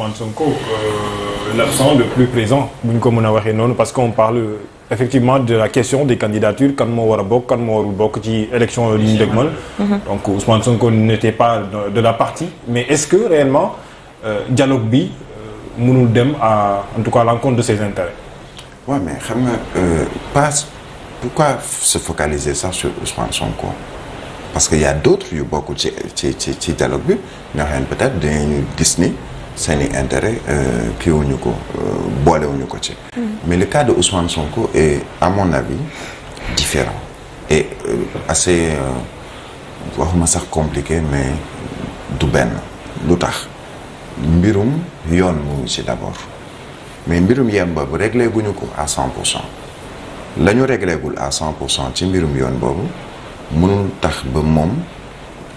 l'absence de euh, l'absent le plus présent parce qu'on parle euh, effectivement de la question des candidatures quand on a kan mhm. donc Ousmane Sonko n'était pas de la partie mais est-ce que réellement euh, dialogue bi nous en tout cas à l'encontre de ses intérêts ouais, mais pourquoi se focaliser ça sur Ousmane Sonko parce qu'il y a d'autres qui ont beaucoup de dialogue peut-être de Disney seni intérêt qui ont nous co euh, euh, boile ont nous mm. mais le cas de Ousmane Sonko est à mon avis différent et euh, assez voire euh, compliqué mais d'ouben l'outar birum yon nous d'abord mais mbirum yon bobu régler gounyo à 100% l'agneau réglé à 100% t'im birum yon bobu mon tach ben mom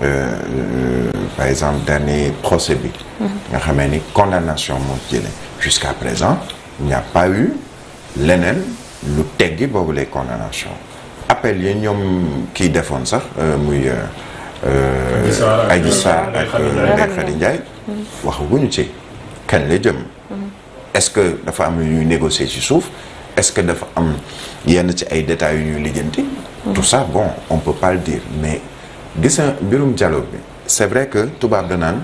Euh, euh, par exemple dernier procès bi nga xamee ni condamnation jusqu'à présent il n'y a pas eu leneen lu teggi pour les condamnations appel yi homme qui défend ça muy euh, Adji Sarr ak avec Khady Ndiaye waxaguñu ci kañ la jëm est-ce que dafa am ñuy négocier ci est-ce que dafa am yenn ci ay détails yu ñuy tout ça bon on peut pas le dire mais gis nga mbirum dialogue bi c'est vrai que tubaab da naan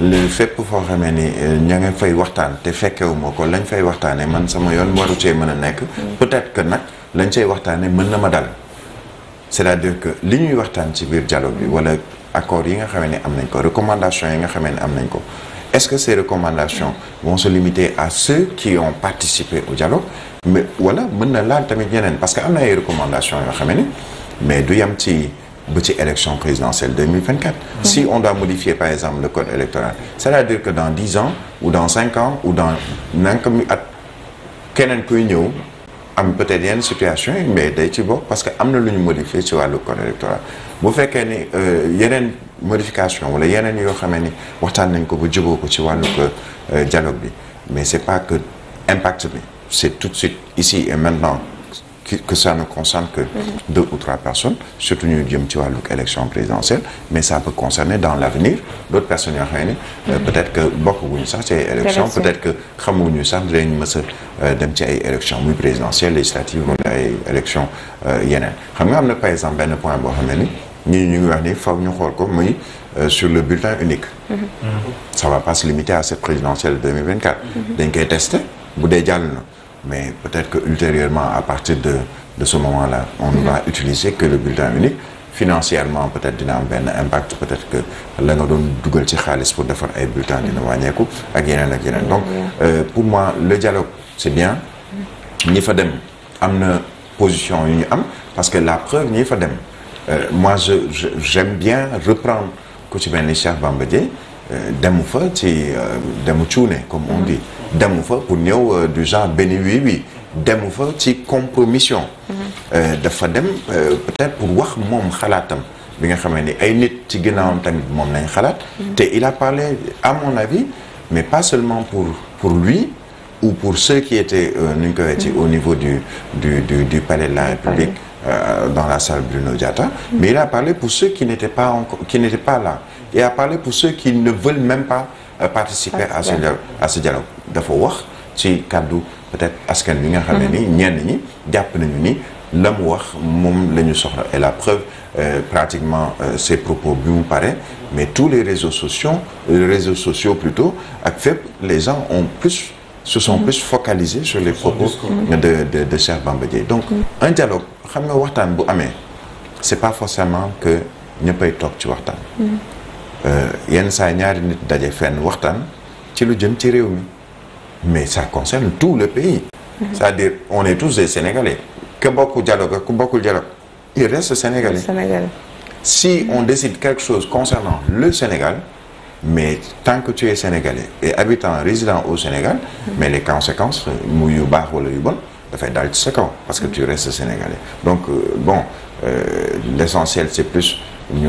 lu fépp foo xamee ni eh, ña nga fay waxtaan te fekkewuma ko lañ fay waxtaanee man sama yoon waru cee mën a nekk. peut-être que nag lañ cay waxtaanee mën na ma dal. c'est-à-dire que li ñuy waxtaan ci biir dialogue bi wala accord yi nga xamee ni am nañ ko recommandations yi nga xamee ni am nañ ko est-ce que ces recommandations vont se limiter à ceux qui ont participé au dialogue mais wala mën na laal tamit ñeneen parce que am na ay recommandations yoo xamee ni mais du yam ci. Petite élection présidentielle 2024 si on doit modifier par exemple le code électoral ça veut dire que dans 10 ans ou dans 5 ans ou dans peut-être une situation mais parce que code électoral bu a ni une euh, modification wala euh, dialogue mais c'est pas que impact c'est tout de suite ici et maintenant que ça ne concerne que mhm. deux ou trois personnes surtout ñu jëm ci élection présidentielle mais ça peut concerner dans l'avenir d'autres personnes euh, mhm. peut-être que bokkuñu sax ça c'est élection peut-être que xamuñu sax dinañ mës une euh, élection présidentielle législative ou l'élection élection euh, yeneen xam par exemple ben point boo ne ni ni ñu sur le bulletin unique mhm. ça va pas se limiter à cette présidentielle 2024 dañ est testé, bu dee mais peut-être que ultérieurement, à partir de, de ce moment-là, on ne mm-hmm. va utiliser que le bulletin unique. Financièrement, peut-être y a un impact peut-être que la nga un dugal ci xaalis pour faire ay bulletin dina mm-hmm. ak donc euh, pour moi le dialogue c'est bien. Nous mm-hmm. fa une position parce que la preuve ni fa Euh, moi j'aime bien reprendre que tu mel ni Cheikh Bamba euh, demu fa euh, comme on dit demu pour nous euh, du genre benn oui bi demu fa ci compromission mhm. euh, dafa dem euh, peut-être pour wax mon xalaatam bi nga il ni ay nit ci ginnaawam tamit lañ mhm. il a parlé à mon avis mais pas seulement pour pour lui ou pour ceux qui étaient nu ñu mhm. au niveau du du du du palais de la République euh, dans la salle Bruno Diatta mais il a parlé pour ceux qui n'étaient pas encore qui n'étaient pas là il a parlé pour ceux qui ne veulent même pas euh, participer à ce dialogue à ce dialogue dafa wax ci peut-être askan wi nga xam ni mm-hmm. ñenn ñi jàpp nañu ni la wax et la preuve euh, pratiquement euh, ces propos bi mu mais tous les réseaux sociaux les réseaux sociaux plutôt fait les gens ont plus se sont mm-hmm. plus focalisés sur les propos de de de donc mm-hmm. un dialogue xam nga waxtaan bu pas forcément que ñëppay toog ci vois. Euh, yenn nit ci lu mais ça concerne tout le pays mhm. c'est-à-dire on est tous des Sénégalais que bokku dialogue dialogue il reste Sénégalais si on décide quelque chose concernant le Sénégal mais tant que tu es sénégalais et habitant résident au Sénégal mhm. mais les conséquences mu yu baax wala yu bon dafay parce que mhm. tu restes sénégalais donc euh, bon euh, l'essentiel c'est plus ñu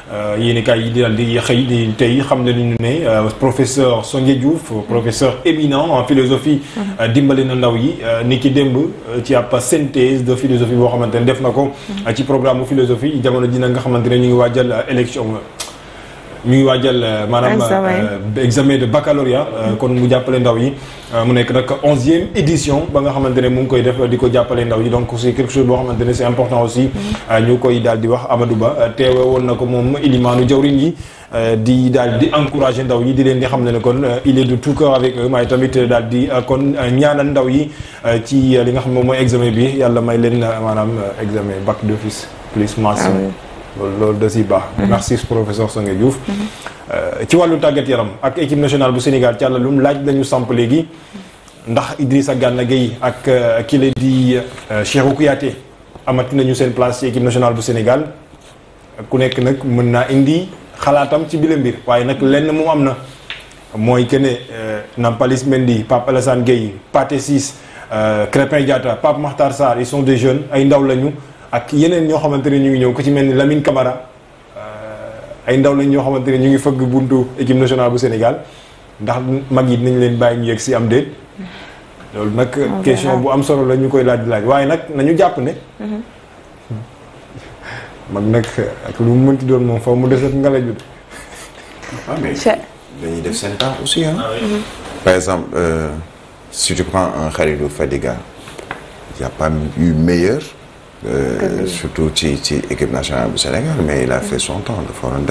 Euh, yéenekaay yi dal di xëy di tey xam ñu ne euh, professeur Songué Diouf professeur éminent en philosophie euh, dimbali na ndaw yi ni ki demb ci ab synthèse de philosophie bo xamantene def nako mmh. ci programme philosophie jamono ji nag nga xamantene ñu ngi wajal élection ñu ngi waajal euh, maanaam ah, hein. euh, examen de baccalauréat euh, kon mu jàppale ndaw yi mu nek nak 11e édition ba nga xamantene mu ngi koy def diko ko ndaw yi donc c'est quelque chose bo xamantene c'est important aussi mm-hmm. ñu koy dal di wax Amadou Ba teewe woon na ko moom jawrin yi di dal di encourager ndaw yi di leen di xam kon il est de tout cœur avec eux maay tamit daal di kon ñaanal ndaw yi ci li nga xam moy examen bi yalla may leen manam examen bac d'office plus mention loolu loolu da si baax. Mhm. merci professeur Songué Diouf. Mhm. Euh, ci wàllu tàggat yaram ak équipe nationale bu Sénégal ci laaj lañu samp léegi ndax Idrissa Gana Gueye ak euh, ki di di euh, Cheikhou Kouyaté amati nañu seen place ci équipe nationale bu Sénégal ku nekk nag mën naa indi xalaatam ci bile mbir waaye nag lenn moom am na mooy que ne Nampalys Mendy Pape Alassane Gueye Pathé Ciss Crépin Diatta Pape Makhtar Sarr ils sont des jeunes ay ndaw lañu. ak yeneen ñoo xamante ñu ngi ñëw ku ci mel ni Lamine Camara euh, ay ndaw lañ ñoo xamante ñu ngi fëgg buntu équipe nationale bu Sénégal ndax mag yi dinañ leen bàyyi ñu yegg si am déet. loolu nag oh, question bu am solo la ñu koy laaj laaj waaye nag nañu jàpp ne. Mm-hmm. mag nag ak lu mu mënti doon moom foofu mu des ak ngelaw bi. Ah, dañuy def seen temps aussi hein? Ah, mm-hmm. par exemple euh, si tu prends un Khalilou Fadiga y a pas eu meilleur. Euh, surtout ci nationale du Sénégal mais il a fait son temps de forum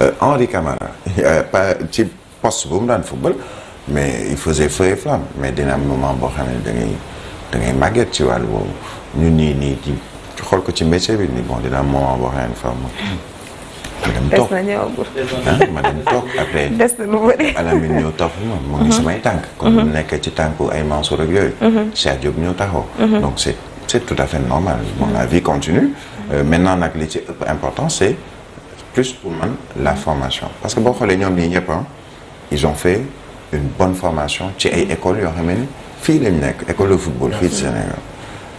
Euh, Henri Camara pas poste football mais il faisait feu et flamme mais dès un moment bon moment ma. madame hein, mhm. mhm. mhm. donc c'est c'est tout à fait normal. Bon, la vie continue. Euh, maintenant, la qualité important c'est plus pour la formation parce que les gens n'y ñii pas hein, ils ont fait une bonne formation ci ay écoles yoo xam ne fii école de football fii ci Sénégal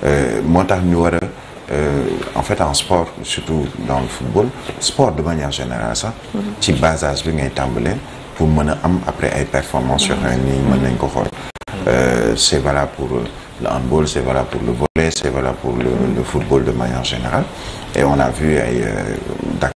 euh, moo tax ñu football. Euh, en fait en sport surtout dans le football sport de manière générale ça, mhm. ci basage à ngay que pour mener am après ay performances sur un mhm. ne c'est valable pour le handball, c'est voilà pour le volet, c'est voilà pour le, football de manière générale. Et on a vu euh,